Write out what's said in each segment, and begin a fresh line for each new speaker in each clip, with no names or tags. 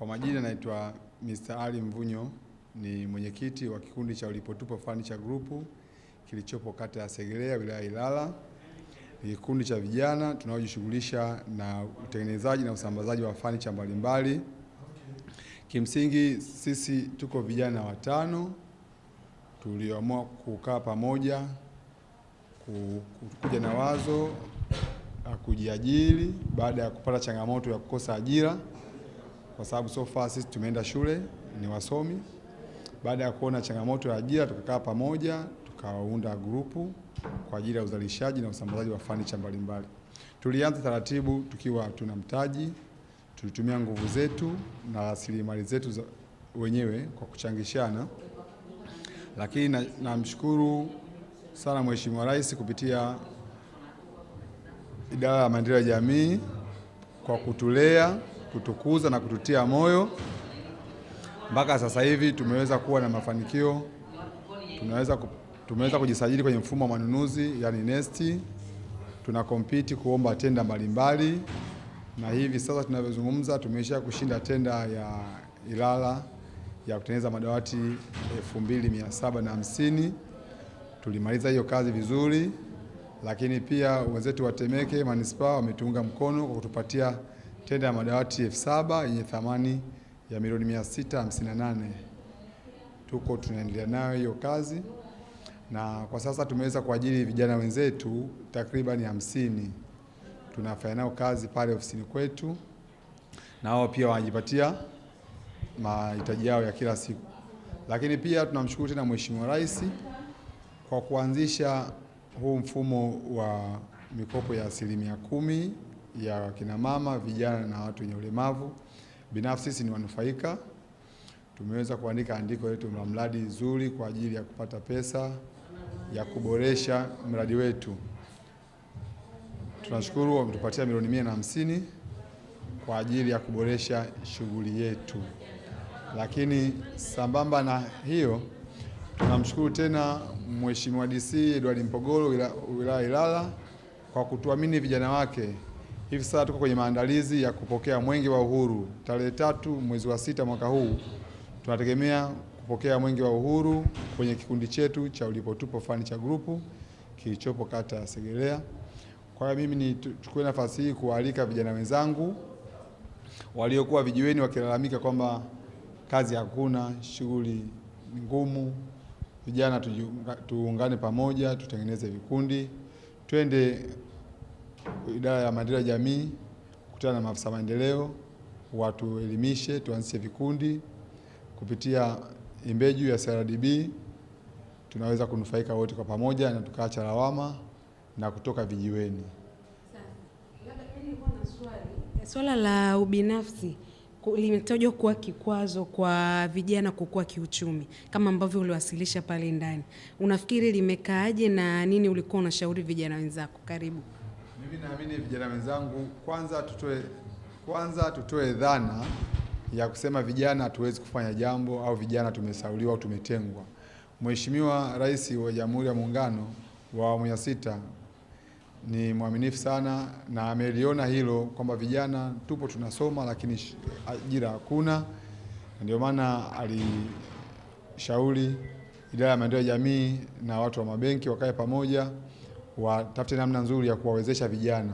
Kwa majina naitwa Mr. Ali Mvunyo, ni mwenyekiti wa kikundi cha Ulipotupa Furniture Group kilichopo kata ya Segerea wilaya Ilala. Ni kikundi cha vijana tunaojishughulisha na utengenezaji na usambazaji wa furniture mbalimbali. Kimsingi sisi tuko vijana watano tulioamua kukaa pamoja kuja na wazo la kujiajiri baada ya kupata changamoto ya kukosa ajira kwa sababu so far sisi tumeenda shule ni wasomi. Baada ya kuona changamoto ya ajira, tukakaa pamoja tukaunda grupu kwa ajili ya uzalishaji na usambazaji wa fanicha mbalimbali. Tulianza taratibu tukiwa tuna mtaji, tulitumia nguvu zetu na rasilimali zetu wenyewe kwa kuchangishana, lakini namshukuru na sana Mheshimiwa Rais kupitia Idara ya Maendeleo ya Jamii kwa kutulea kutukuza na kututia moyo. Mpaka sasa hivi tumeweza kuwa na mafanikio, tumeweza tumeweza kujisajili kwenye mfumo wa manunuzi yani NeST, tuna compete kuomba tenda mbalimbali, na hivi sasa tunavyozungumza tumesha kushinda tenda ya Ilala ya kutengeneza madawati 2750 tulimaliza hiyo kazi vizuri, lakini pia wenzetu wa Temeke manispaa wametuunga mkono kwa kutupatia tenda ya madawati elfu saba yenye thamani ya milioni 658. Tuko tunaendelea nayo hiyo kazi, na kwa sasa tumeweza kuajiri vijana wenzetu takriban hamsini, tunafanya nao kazi pale ofisini kwetu, na wao pia wanajipatia mahitaji yao ya kila siku. Lakini pia tunamshukuru tena Mheshimiwa Rais kwa kuanzisha huu mfumo wa mikopo ya asilimia kumi ya mama, vijana na watu wenye ulemavu. Binafsi sisi ni wanufaika, tumeweza kuandika andiko letu la mradi zuri kwa ajili ya kupata pesa ya kuboresha mradi wetu. Tunashukuru wametupatia milioni mia na hamsini kwa ajili ya kuboresha shughuli yetu, lakini sambamba na hiyo tunamshukuru tena Mheshimiwa DC Edward Mpogolo wilaya Ilala kwa kutuamini vijana wake Hivi sasa tuko kwenye maandalizi ya kupokea mwenge wa uhuru tarehe tatu mwezi wa sita mwaka huu. Tunategemea kupokea mwenge wa uhuru kwenye kikundi chetu cha Ulipotupo Furniture Group kilichopo kata ya Segerea. Kwa hiyo mimi nichukue nafasi hii kuwaalika vijana wenzangu waliokuwa vijiweni wakilalamika kwamba kazi hakuna, shughuli ngumu. Vijana tuungane pamoja, tutengeneze vikundi, twende idara ya maendeleo ya jamii kukutana na maafisa maendeleo watuelimishe, tuanzishe vikundi kupitia imbeju ya CRDB, tunaweza kunufaika wote kwa pamoja na tukaacha lawama na kutoka vijiweni.
Swala la ubinafsi limetajwa kuwa kikwazo kwa vijana kukua kiuchumi kama ambavyo uliwasilisha pale ndani. Unafikiri limekaaje na nini ulikuwa unashauri vijana wenzako? Karibu
mimi naamini vijana wenzangu, kwanza tutoe kwanza tutoe dhana ya kusema vijana hatuwezi kufanya jambo au vijana tumesauliwa au tumetengwa. Mheshimiwa Rais wa Jamhuri ya Muungano wa awamu ya sita ni mwaminifu sana na ameliona hilo kwamba vijana tupo tunasoma, lakini ajira hakuna. Ndio maana alishauri idara ya maendeleo ya jamii na watu wa mabenki wakae pamoja watafute namna nzuri ya kuwawezesha vijana.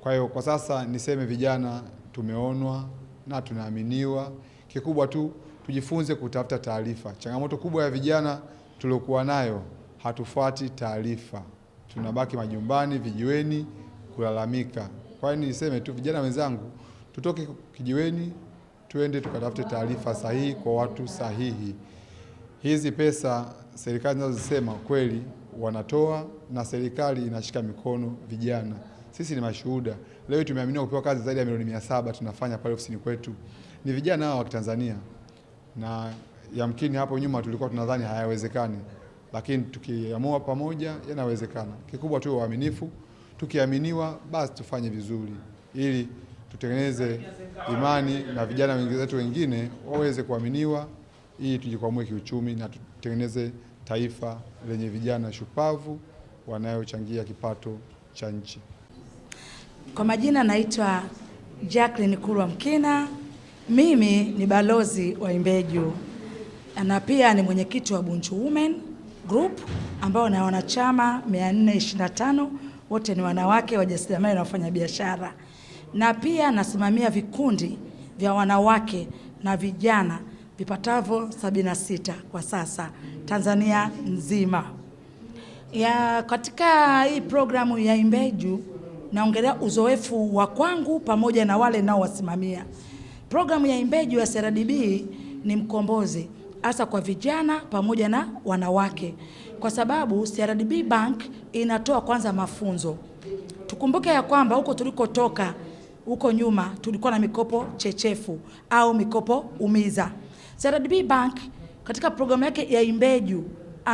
Kwa hiyo kwa sasa niseme vijana tumeonwa na tunaaminiwa, kikubwa tu tujifunze kutafuta taarifa. Changamoto kubwa ya vijana tuliokuwa nayo, hatufuati taarifa, tunabaki majumbani, vijiweni kulalamika. Kwa hiyo niseme tu vijana wenzangu, tutoke kijiweni tuende tukatafute taarifa sahihi kwa watu sahihi. Hizi pesa serikali zinazozisema kweli wanatoa na serikali inashika mikono vijana. Sisi ni mashuhuda. Leo tumeaminiwa kupewa kazi zaidi ya milioni saba tunafanya pale ofisini kwetu. Ni vijana hawa wa Kitanzania. Na yamkini hapo nyuma tulikuwa tunadhani hayawezekani. Lakini tukiamua pamoja yanawezekana. Kikubwa tu uaminifu. Tukiaminiwa basi tufanye vizuri ili tutengeneze imani na vijana wenzetu wengine waweze kuaminiwa ili tujikwamue kiuchumi na tutengeneze taifa lenye vijana shupavu wanayochangia kipato cha nchi.
Kwa majina naitwa Jacqueline Kulwa Mkina, mimi ni balozi wa Imbeju na pia ni mwenyekiti wa Bunju Women Group ambao na wanachama 425 wote ni wanawake wajasiriamali na wafanyabiashara biashara, na pia nasimamia vikundi vya wanawake na vijana vipatavyo 76 kwa sasa Tanzania nzima. Ya katika hii programu ya Imbeju naongelea uzoefu wa kwangu pamoja na wale naowasimamia. Programu ya Imbeju ya CRDB ni mkombozi hasa kwa vijana pamoja na wanawake, kwa sababu CRDB Bank inatoa kwanza mafunzo. Tukumbuke ya kwamba huko tulikotoka huko nyuma tulikuwa na mikopo chechefu au mikopo umiza. CRDB Bank katika programu yake ya Imbeju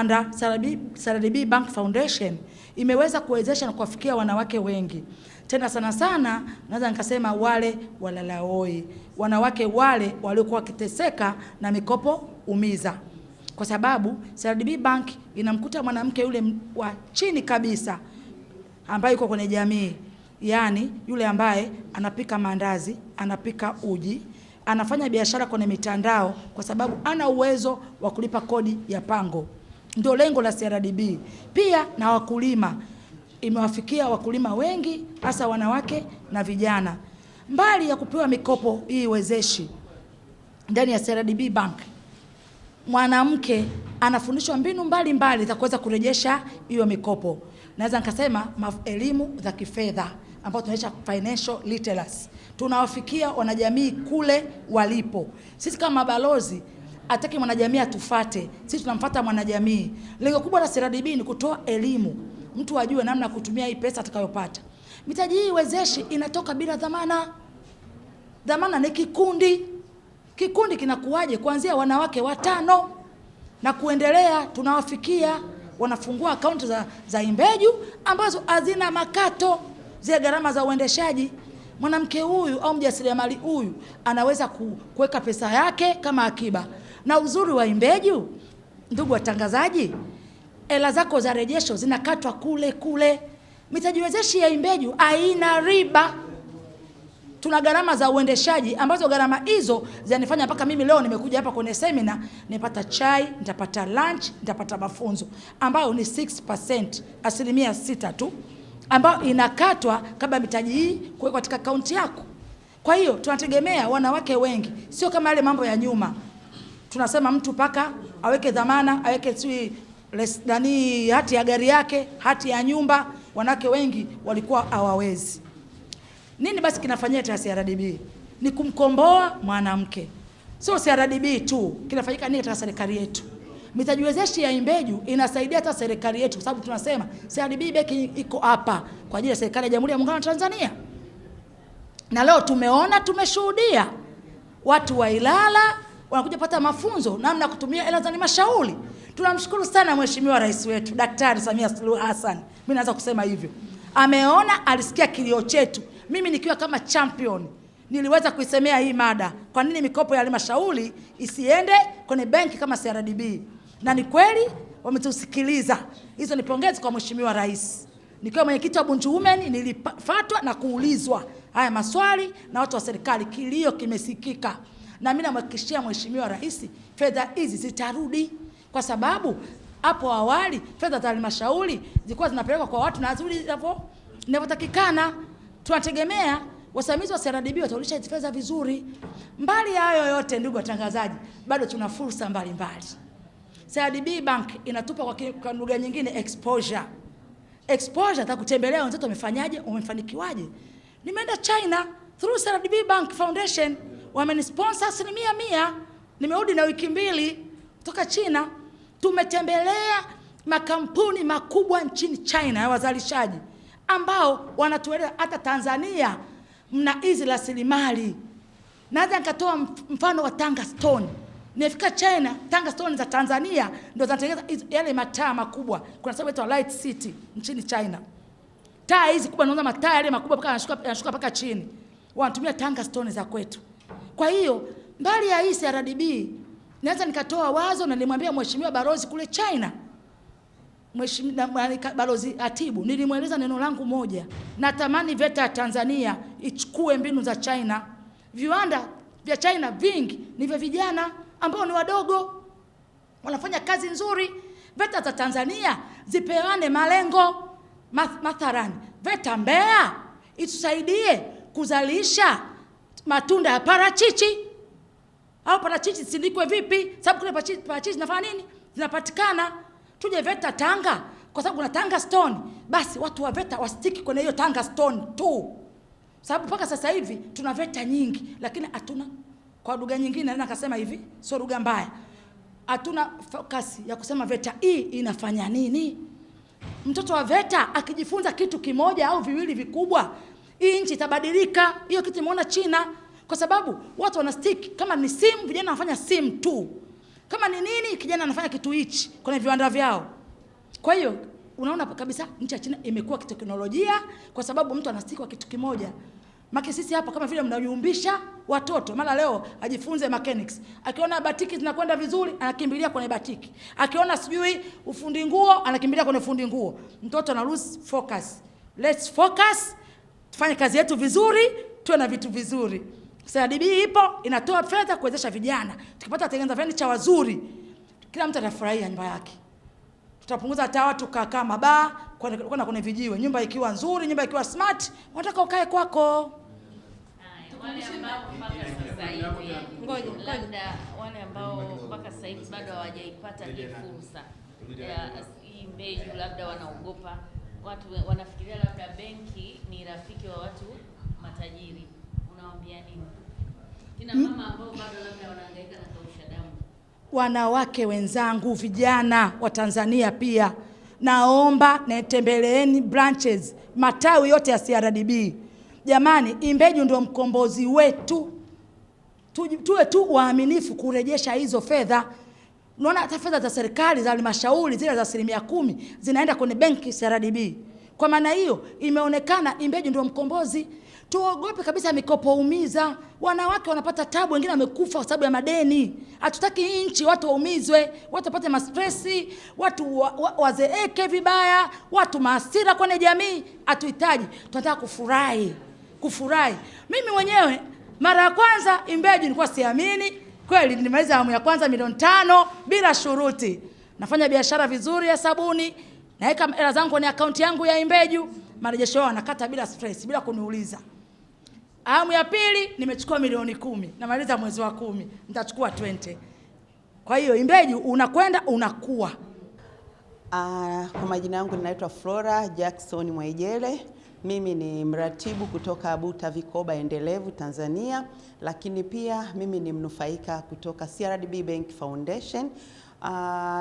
under uh, CRDB, CRDB Bank Foundation imeweza kuwezesha na kuwafikia wanawake wengi tena sana sana, naweza nikasema wale walalaoi, wanawake wale waliokuwa wakiteseka na mikopo umiza, kwa sababu CRDB Bank inamkuta mwanamke yule wa chini kabisa ambaye yuko kwenye jamii, yaani yule ambaye anapika maandazi, anapika uji anafanya biashara kwenye mitandao kwa sababu ana uwezo wa kulipa kodi ya pango. Ndio lengo la CRDB. Pia na wakulima, imewafikia wakulima wengi hasa wanawake na vijana. Mbali ya kupewa mikopo hii wezeshi ndani ya CRDB Bank, mwanamke anafundishwa mbinu mbalimbali za kuweza kurejesha hiyo mikopo. Naweza nikasema elimu za kifedha ambao tunaita financial literacy, tunawafikia wanajamii kule walipo. Sisi kama mabalozi ataki mwanajamii atufate sisi, tunamfata mwanajamii. Lengo kubwa la CRDB ni kutoa elimu, mtu ajue namna ya kutumia hii pesa atakayopata. Mitaji hii wezeshi inatoka bila dhamana. Dhamana ni kikundi. Kikundi kinakuwaje? Kuanzia wanawake watano na kuendelea, tunawafikia wanafungua akaunti za, za imbeju ambazo hazina makato zile gharama za uendeshaji. Mwanamke huyu au mjasiriamali huyu anaweza kuweka pesa yake kama akiba, na uzuri wa Imbeju, ndugu watangazaji, hela zako za rejesho zinakatwa kule kule. Mitaji wezeshi ya Imbeju haina riba. Tuna gharama za uendeshaji ambazo gharama hizo zinanifanya mpaka mimi leo nimekuja hapa kwenye semina, nipata chai, nitapata lunch, nitapata mafunzo ambayo ni 6%, asilimia sita tu ambayo inakatwa kabla mitaji hii kuwekwa katika kaunti yako. Kwa hiyo tunategemea wanawake wengi, sio kama yale mambo ya nyuma tunasema mtu paka aweke dhamana aweke sui nani hati ya gari yake hati ya nyumba. Wanawake wengi walikuwa hawawezi. Nini basi kinafanyika ya CRDB? Ni kumkomboa mwanamke, sio CRDB tu. Kinafanyika nini katika serikali yetu? Mitaji wezeshi ya Imbeju inasaidia hata serikali yetu, kwa sababu tunasema CRDB Bank iko hapa kwa ajili ya serikali ya Jamhuri ya Muungano wa Tanzania, na leo tumeona, tumeshuhudia watu wa Ilala wanakuja pata mafunzo namna ya kutumia hela za halmashauri. Tunamshukuru sana Mheshimiwa Rais wetu Daktari Samia Suluhu Hassan, mimi naanza kusema hivyo, ameona, alisikia kilio chetu. Mimi nikiwa kama champion niliweza kuisemea hii mada, kwa nini mikopo ya halmashauri isiende kwenye benki kama CRDB? na ni kweli wametusikiliza. Hizo ni pongezi kwa Mheshimiwa Rais. Nikiwa mwenyekiti wa Bunju Women nilifatwa na kuulizwa haya maswali na watu wa serikali, kilio kimesikika, na mimi namhakikishia Mheshimiwa Rais fedha hizi zitarudi, kwa sababu hapo awali fedha za halmashauri zilikuwa zinapelekwa kwa watu na nzuri inavyotakikana. Tunategemea wasimamizi wa CRDB watarudisha fedha vizuri. Mbali ya hayo yote, ndugu watangazaji, bado tuna fursa mbalimbali mbali. CRDB Bank inatupa kwa lugha nyingine exposure. Exposure kutembelea wenzetu wamefanyaje, wamefanikiwaje. Nimeenda China through CRDB Bank Foundation wamenisponsor asilimia mia. Nimerudi na wiki mbili kutoka China, tumetembelea makampuni makubwa nchini China ya wazalishaji ambao wanatueleza hata Tanzania mna hizi rasilimali. Naweza nikatoa mfano wa Tanga Stone Nifika China, Tanga Stone za Tanzania ndio zinatengeneza yale mataa makubwa. Kuna sababu inaitwa Light City nchini China. Taa hizi kubwa naona mataa yale makubwa mpaka yanashuka yanashuka mpaka chini. Wanatumia Tanga Stone za kwetu. Kwa hiyo mbali ya hii CRDB naweza nikatoa wazo na nilimwambia mheshimiwa balozi kule China. Mheshimiwa balozi Atibu, nilimweleza neno langu moja. Natamani VETA ya Tanzania ichukue mbinu za China. Viwanda vya China vingi ni vya vijana ambao ni wadogo wanafanya kazi nzuri. VETA za Tanzania zipeane malengo mathalani, VETA Mbeya itusaidie kuzalisha matunda ya parachichi au parachichi zisindikwe vipi? Sababu kule parachichi, parachichi zinafanya nini? Zinapatikana. Tuje VETA Tanga, kwa sababu kuna Tanga Stone, basi watu wa VETA wastiki kwenye hiyo Tanga Stone tu, sababu mpaka sasa hivi tuna VETA nyingi, lakini hatuna kwa lugha nyingine na akasema hivi, sio lugha mbaya, hatuna focus ya kusema VETA hii inafanya nini. Mtoto wa VETA akijifunza kitu kimoja au viwili vikubwa, hii nchi itabadilika. Hiyo kitu imeona China, kwa sababu watu wana stick. Kama ni simu, vijana wanafanya simu tu. Kama ni nini, kijana anafanya kitu hichi kwenye viwanda vyao. Kwa hiyo unaona kabisa nchi ya China imekuwa kiteknolojia, kwa sababu mtu anastiki kwa kitu kimoja. Maki sisi hapa kama vile mnayumbisha watoto. Mara leo ajifunze mechanics. Akiona batiki zinakwenda vizuri, anakimbilia kwenye batiki. Akiona sijui ufundi nguo, anakimbilia kwenye ufundi nguo. Mtoto ana lose focus. Let's focus. Tufanye kazi yetu vizuri, tuwe na vitu vizuri. SADB ipo inatoa fedha kuwezesha vijana. Tukipata watengeneza furniture wazuri, kila mtu atafurahia nyumba yake. Tutapunguza hata watu kukaa kama baa kwenda kwenye vijiwe, nyumba ikiwa nzuri, nyumba ikiwa smart, unataka ukae kwako.
Ngoja labda wale ambao mpaka sasa hivi bado hawajaipata hii fursa ya hii mbeju, labda wanaogopa watu, wanafikiria labda benki ni rafiki wa watu matajiri, unawaambia nini kina hmm? mama ambao bado labda wanahangaika na kausha damu?
Wanawake wenzangu, vijana wa Tanzania pia naomba netembeleeni branches matawi yote ya CRDB. Jamani, Imbeju ndio mkombozi wetu, tuwe tu waaminifu kurejesha hizo fedha. Unaona hata fedha za serikali za halmashauri zile za asilimia kumi zinaenda kwenye benki CRDB. Kwa maana hiyo imeonekana Imbeju ndio mkombozi. Tuogope kabisa mikopo umiza. Wanawake wanapata tabu, wengine wamekufa kwa sababu ya madeni. Hatutaki nchi watu waumizwe, watu wapate mastresi, watu wa, wa, wazeeke vibaya, watu maasira kwenye jamii. Hatuhitaji, tunataka kufurahi, kufurahi. Mimi mwenyewe mara ya kwanza imbeji nilikuwa siamini kweli. Nilimaliza awamu ya kwanza milioni tano bila shuruti, nafanya biashara vizuri ya sabuni, naweka hela zangu kwenye akaunti yangu ya Imbeju, marejesho yao wanakata bila stress, bila kuniuliza awamu ya pili nimechukua milioni kumi, namaliza mwezi wa kumi nitachukua 20. Kwa hiyo Imbeju unakwenda unakuwa.
Uh, ah, kwa majina yangu ninaitwa Flora Jackson Mwaijele mimi ni mratibu kutoka ABUTA Vikoba Endelevu Tanzania, lakini pia mimi ni mnufaika kutoka CRDB Bank Foundation. Uh,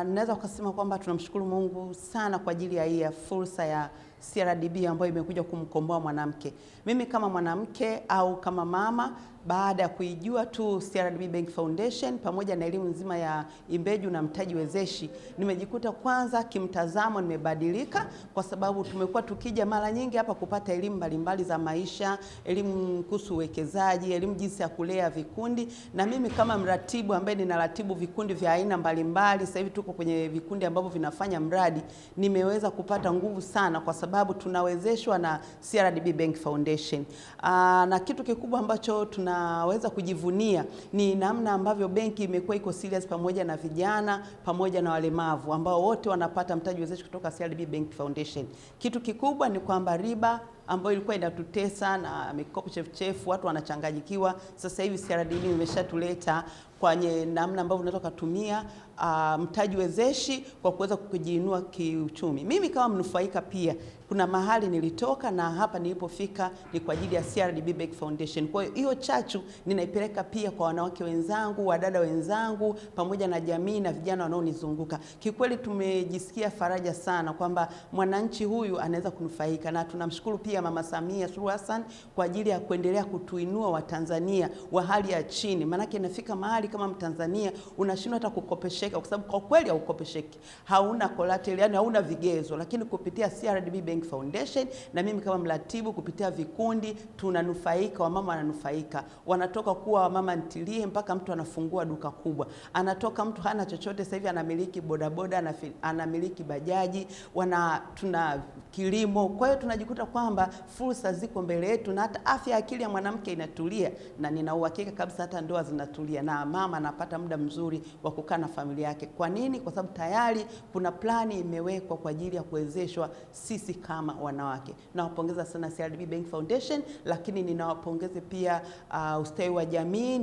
naweza kusema kwamba tunamshukuru Mungu sana kwa ajili ya hii ya fursa ya CRDB ambayo imekuja kumkomboa mwanamke. Mimi kama mwanamke au kama mama baada ya kuijua tu CRDB Bank Foundation pamoja na elimu nzima ya imbeju na mtaji wezeshi, nimejikuta kwanza kimtazamo nimebadilika, kwa sababu tumekuwa tukija mara nyingi hapa kupata elimu mbalimbali za maisha, elimu kuhusu uwekezaji, elimu jinsi ya kulea vikundi, na mimi kama mratibu ambaye ninaratibu vikundi vya aina mbalimbali, sasa hivi tuko kwenye vikundi ambavyo vinafanya mradi, nimeweza kupata nguvu sana, kwa sababu tunawezeshwa na CRDB Bank Foundation. Aa, na kitu kikubwa ambacho tuna tunaweza kujivunia ni namna ambavyo benki imekuwa iko serious pamoja na vijana pamoja na walemavu ambao wote wanapata mtaji wezeshi kutoka CRDB Bank Foundation. Kitu kikubwa ni kwamba riba ambayo ilikuwa inatutesa na mikopo chefuchefu, watu wanachanganyikiwa. Sasa hivi CRDB imeshatuleta kwenye namna ambavyo unaweza kutumia uh, ah, mtaji wezeshi kwa kuweza kujiinua kiuchumi. Mimi kama mnufaika pia kuna mahali nilitoka na hapa nilipofika ni kwa ajili ya CRDB Back Foundation. Kwa hiyo hiyo chachu ninaipeleka pia kwa wanawake wenzangu, wadada wenzangu, pamoja na jamii na vijana wanaonizunguka. Kikweli tumejisikia faraja sana kwamba mwananchi huyu anaweza kunufaika, na tunamshukuru pia Mama Samia Suluhu Hassan kwa ajili ya kuendelea kutuinua Watanzania wa hali ya chini, maanake inafika mahali kama Mtanzania unashindwa hata kukopesheka, kwa sababu kwa kweli haukopesheki, hauna collateral, yani hauna vigezo, lakini kupitia CRDB Bank Foundation, na mimi kama mratibu kupitia vikundi tunanufaika, wamama wananufaika, wanatoka kuwa wamama ntilie mpaka mtu anafungua duka kubwa, anatoka mtu hana chochote, sasa hivi anamiliki bodaboda, anamiliki bajaji, wana tuna kilimo. Kwa hiyo tunajikuta kwamba fursa ziko mbele yetu, na hata afya ya akili ya mwanamke inatulia, na nina uhakika kabisa hata ndoa zinatulia na mama anapata muda mzuri wa kukaa na familia yake. Kwa nini? Kwa sababu tayari kuna plani imewekwa kwa ajili ya kuwezeshwa sisi kama wanawake. Nawapongeza sana CRDB Bank Foundation, lakini ninawapongeze pia uh, ustawi wa jamii,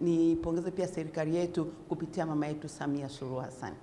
nipongeze pia serikali yetu kupitia mama yetu Samia Suluhu Hassan.